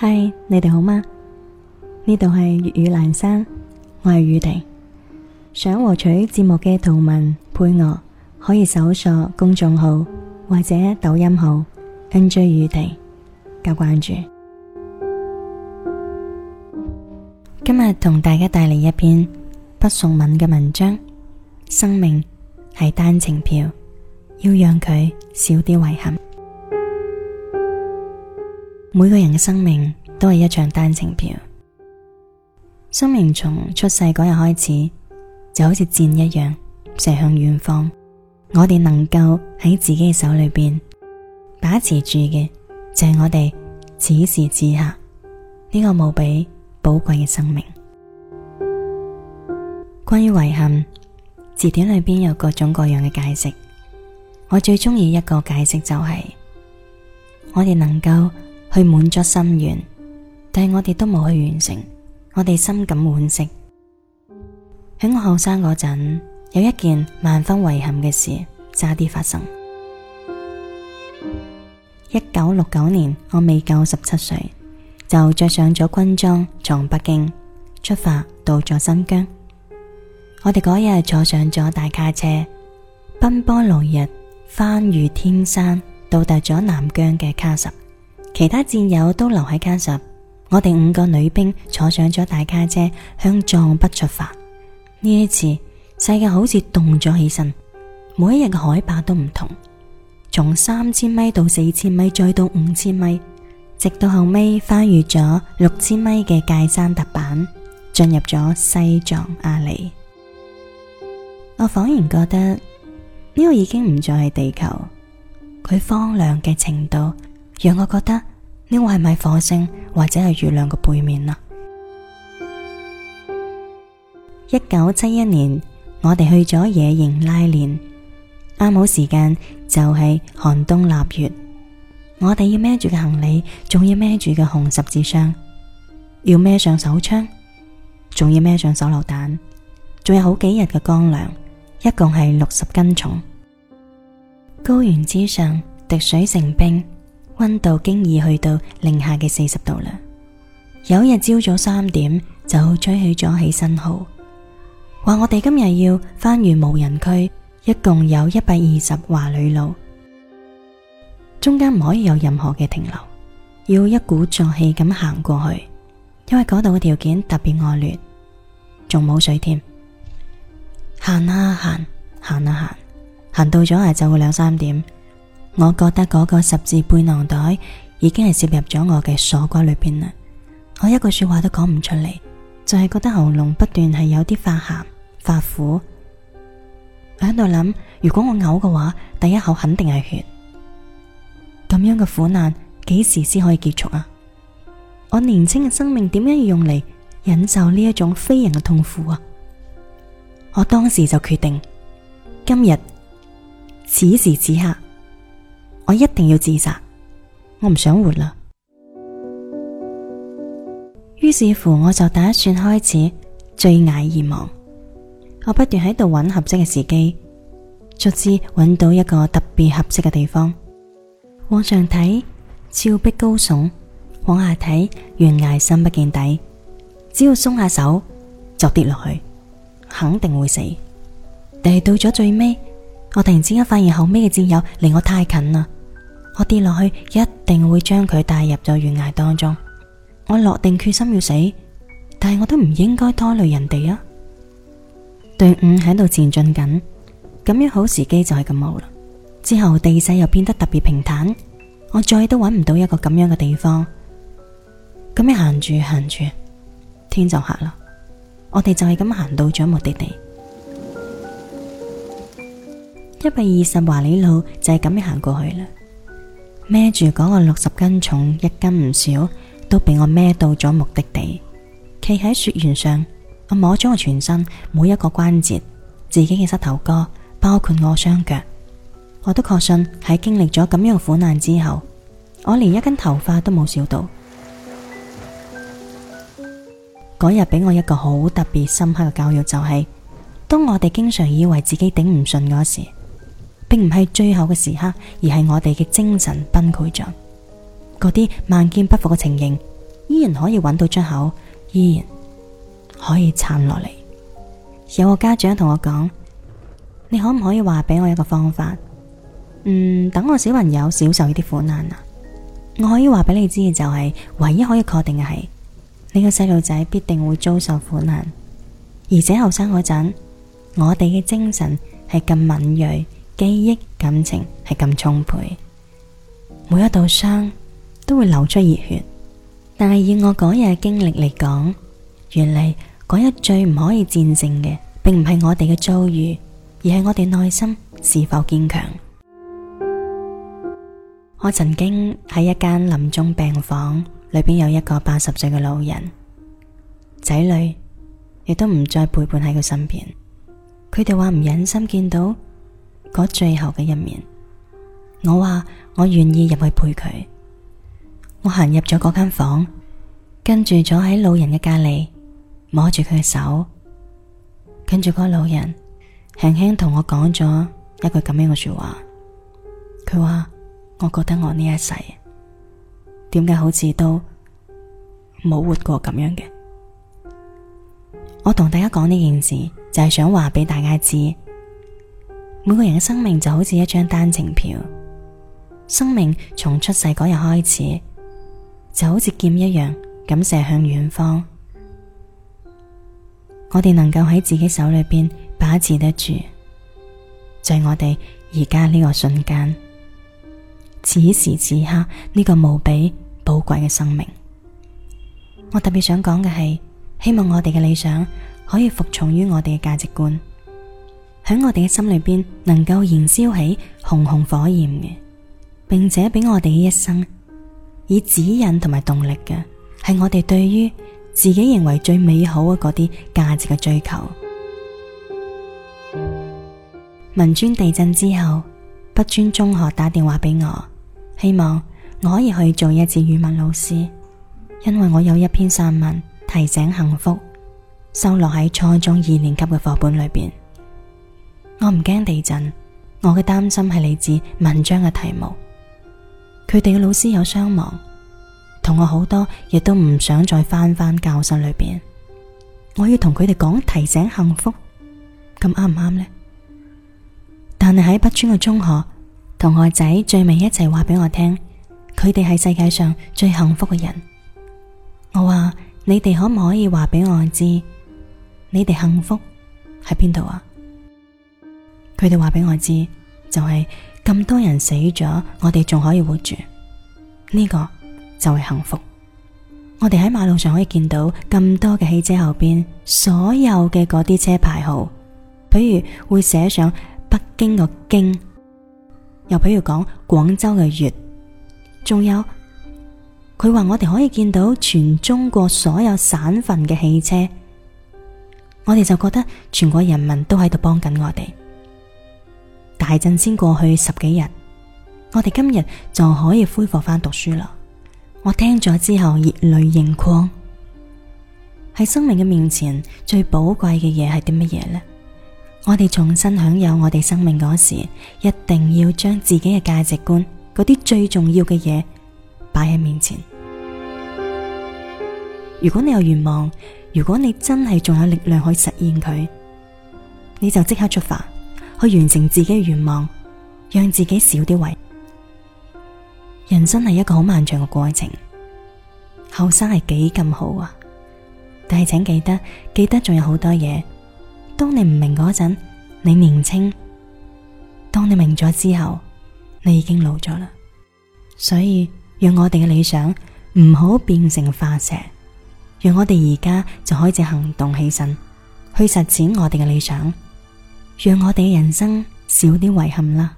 嗨，Hi，你哋好嗎？呢度係粵語蘭山，我係宇婷。想獲取節目嘅圖文配樂，可以搜索公眾號或者抖音號 NJ 宇婷加關注。今日同大家帶嚟一篇畢淑敏嘅文章，生命係單程票，要讓佢少啲遺憾。每個人嘅生命都係一張單程票，生命從出世嗰日開始，就好似箭一樣射向遠方。我哋能夠喺自己嘅手裏邊把持住嘅就係我哋此時此刻呢個無比寶貴嘅生命。關於遺憾，字典裏邊有各種各樣嘅解釋，我最中意一個解釋就係我哋能夠。去滿足心願，但係我哋都冇去完成，我哋深感惋惜。喺我後生嗰陣，有一件萬分遺憾嘅事，差啲發生。一九六九年，我未夠十七歲，就着上咗軍裝，從北京出發到咗新疆。我哋嗰日坐上咗大卡車，奔波六日，翻越天山，到達咗南疆嘅喀什。其他戰友都留喺喀什，我哋五個女兵坐上咗大卡車向藏北出發。呢一次，世界好似豎咗起身，每一日嘅海拔都唔同，從三千米到四千米，再到五千米，直到後尾翻越咗六千米嘅界山達坂，進入咗西藏阿里。我恍然覺得呢個已經唔再係地球，佢荒涼嘅程度。讓我覺得呢個係咪火星或者係月亮嘅背面啊？一九七一年，我哋去咗野營拉練，啱好時間就係寒冬臘月。我哋要孭住嘅行李，仲要孭住嘅紅十字箱，要孭上手槍，仲要孭上手榴彈，仲有好幾日嘅乾糧，一共係六十斤重。高原之上，滴水成冰。溫度經已去到零下嘅四十度啦！有一日朝早三點就吹起咗起身號，話我哋今日要翻完無人區，一共有一百二十華里路，中間唔可以有任何嘅停留，要一鼓作氣咁行過去，因為嗰度嘅條件特別惡劣，仲冇水添。行啊行，行啊行，行到咗下晝嘅兩三點。我覺得嗰個十字背囊袋已經係攝入咗我嘅鎖骨裏邊啦。我一個說話都講唔出嚟，就係、是、覺得喉嚨不斷係有啲發鹹、發苦。我喺度諗，如果我嘔嘅話，第一口肯定係血。咁樣嘅苦難幾時先可以結束啊？我年輕嘅生命點樣要用嚟忍受呢一種非人嘅痛苦啊？我當時就決定，今日此時此刻。我一定要自殺，我唔想活啦。於是乎，我就打算開始墜崖而亡。我不斷喺度揾合適嘅時機，卒之揾到一個特別合適嘅地方。往上睇，峭壁高聳；往下睇，懸崖深不見底。只要鬆下手，就跌落去，肯定會死。但係到咗最尾，我突然之間發現後尾嘅戰友離我太近啦。我跌落去，一定會將佢帶入咗懸崖當中。我落定決心要死，但係我都唔應該拖累人哋啊！隊伍喺度前進緊，咁樣好時機就係咁冇啦。之後地勢又變得特別平坦，我再都揾唔到一個咁樣嘅地方。咁樣行住行住，天就黑啦。我哋就係咁行到咗目的地，一百二十華里路就係咁樣行過去啦。孭住嗰個六十斤重，一斤唔少，都俾我孭到咗目的地。企喺雪原上，我摸咗我全身每一個關節，自己嘅膝頭哥，包括我雙腳，我都確信喺經歷咗咁樣苦難之後，我連一根頭髮都冇少到。嗰日俾我一個好特別深刻嘅教育，就是，就係當我哋經常以為自己頂唔順嗰時。並唔係最後嘅時刻，而係我哋嘅精神崩潰咗。嗰啲萬劫不復嘅情形，依然可以揾到出口，依然可以撐落嚟。有個家長同我講，你可唔可以話俾我一個方法？嗯，等我小朋友少受呢啲苦難啊！我可以話俾你知，就是，嘅就係唯一可以確定嘅係，你個細路仔必定會遭受苦難，而且後生嗰陣，我哋嘅精神係咁敏銳。記憶、感情係咁充沛，每一道傷都會流出熱血。但係以我嗰日嘅經歷嚟講，原嚟嗰日最唔可以戰勝嘅，並唔係我哋嘅遭遇，而係我哋內心是否堅強。我曾經喺一間臨終病房，裏邊有一個八十歲嘅老人，仔女亦都唔再陪伴喺佢身邊，佢哋話唔忍心見到。嗰最後嘅一面，我話我願意入去陪佢。我行入咗嗰間房間，跟住咗喺老人嘅隔籬，摸住佢嘅手，跟住個老人輕輕同我講咗一句咁樣嘅說話。佢話：我覺得我呢一世點解好似都冇活過咁樣嘅。我同大家講呢件事，就係想話俾大家知。每個人嘅生命就好似一張單程票，生命從出世嗰日開始，就好似箭一樣咁射向遠方。我哋能夠喺自己手裏邊把持得住，就是、我在我哋而家呢個瞬間、此時此刻呢個無比寶貴嘅生命，我特別想講嘅係，希望我哋嘅理想可以服從於我哋嘅價值觀。喺我哋嘅心裏邊，能夠燃燒起紅紅火焰嘅，並且俾我哋嘅一生以指引同埋動力嘅，係我哋對於自己認為最美好嘅嗰啲價值嘅追求。汶川 地震之後，北川中學打電話俾我，希望我可以去做一次語文老師，因為我有一篇散文《提醒幸福》，收落喺初中二年級嘅課本裏邊。我唔驚地震，我嘅擔心係嚟自文章嘅題目。佢哋嘅老師有傷亡，同我好多亦都唔想再返返教室裏邊。我要同佢哋講提醒幸福，咁啱唔啱呢？但係喺北川嘅中學，同學仔最尾一齊話俾我聽，佢哋係世界上最幸福嘅人。我話你哋可唔可以話俾我知，你哋幸福喺邊度啊？佢哋話俾我知，就係、是、咁多人死咗，我哋仲可以活住，呢、這個就係幸福。我哋喺馬路上可以見到咁多嘅汽車後邊，所有嘅嗰啲車牌號，比如會寫上北京個京，又比如講廣州嘅粵。仲有，佢話我哋可以見到全中國所有省份嘅汽車，我哋就覺得全國人民都喺度幫緊我哋。大陣先過去十幾日，我哋今日就可以恢復返讀書啦。我聽咗之後熱淚盈眶。喺生命嘅面前，最寶貴嘅嘢係啲乜嘢呢？我哋重新享有我哋生命嗰時，一定要將自己嘅價值觀嗰啲最重要嘅嘢擺喺面前。如果你有願望，如果你真係仲有力量去實現佢，你就即刻出發。去完成自己嘅願望，讓自己少啲為。人生係一個好漫長嘅過程，後生係幾咁好啊！但係請記得，記得仲有好多嘢。當你唔明嗰陣，你年輕；當你明咗之後，你已經老咗啦。所以，讓我哋嘅理想唔好變成化石。讓我哋而家就開始行動起身，去實踐我哋嘅理想。讓我哋人生少啲遺憾啦。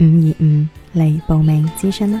五二五嚟報名咨詢啦！